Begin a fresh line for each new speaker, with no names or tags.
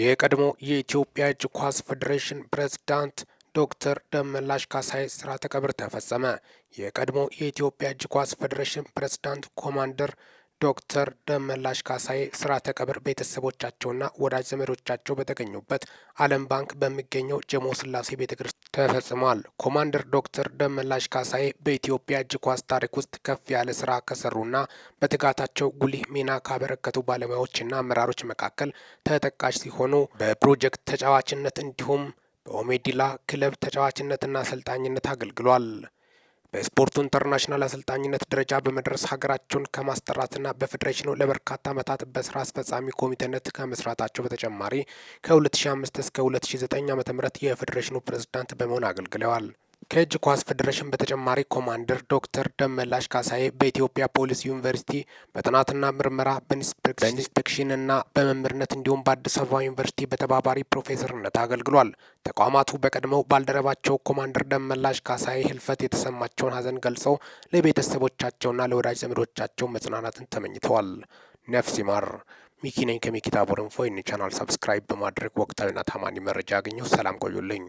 የቀድሞ የኢትዮጵያ እጅ ኳስ ፌዴሬሽን ፕሬዝዳንት ዶክተር ደመላሽ ካሳይ ስርዓተ ቀብር ተፈጸመ። የቀድሞ የኢትዮጵያ እጅ ኳስ ፌዴሬሽን ፕሬዝዳንት ኮማንደር ዶክተር ደመላሽ ካሳዬ ስርዓተ ቀብር ቤተሰቦቻቸውና ወዳጅ ዘመዶቻቸው በተገኙበት ዓለም ባንክ በሚገኘው ጀሞ ስላሴ ቤተ ክርስቲያን ተፈጽሟል። ኮማንደር ዶክተር ደመላሽ ካሳዬ በኢትዮጵያ እጅ ኳስ ታሪክ ውስጥ ከፍ ያለ ስራ ከሰሩና በትጋታቸው ጉልህ ሚና ካበረከቱ ባለሙያዎችና አመራሮች መካከል ተጠቃሽ ሲሆኑ በፕሮጀክት ተጫዋችነት እንዲሁም በኦሜዲላ ክለብ ተጫዋችነትና አሰልጣኝነት አገልግሏል። በስፖርቱ ኢንተርናሽናል አሰልጣኝነት ደረጃ በመድረስ ሀገራቸውን ከማስጠራትና በፌዴሬሽኑ ለበርካታ ዓመታት በስራ አስፈጻሚ ኮሚቴነት ከመስራታቸው በተጨማሪ ከ2005 እስከ 2009 .ም የፌዴሬሽኑ ፕሬዝዳንት በመሆን አገልግለዋል። ከእጅ ኳስ ፌዴሬሽን በተጨማሪ ኮማንደር ዶክተር ደመላሽ ካሳዬ በኢትዮጵያ ፖሊስ ዩኒቨርሲቲ በጥናትና ምርመራ
በኢንስፔክሽን እና
በመምህርነት እንዲሁም በአዲስ አበባ ዩኒቨርሲቲ በተባባሪ ፕሮፌሰርነት አገልግሏል። ተቋማቱ በቀድሞው ባልደረባቸው ኮማንደር ደመላሽ ካሳዬ ህልፈት የተሰማቸውን ሀዘን ገልጸው ለቤተሰቦቻቸውና ለወዳጅ ዘመዶቻቸው መጽናናትን ተመኝተዋል። ነፍስ ይማር። ሚኪ ነኝ ከሚኪታ ቦረንፎ። ይህን ቻናል ሰብስክራይብ በማድረግ ወቅታዊና ታማኒ መረጃ ያገኘው ሰላም ቆዩልኝ።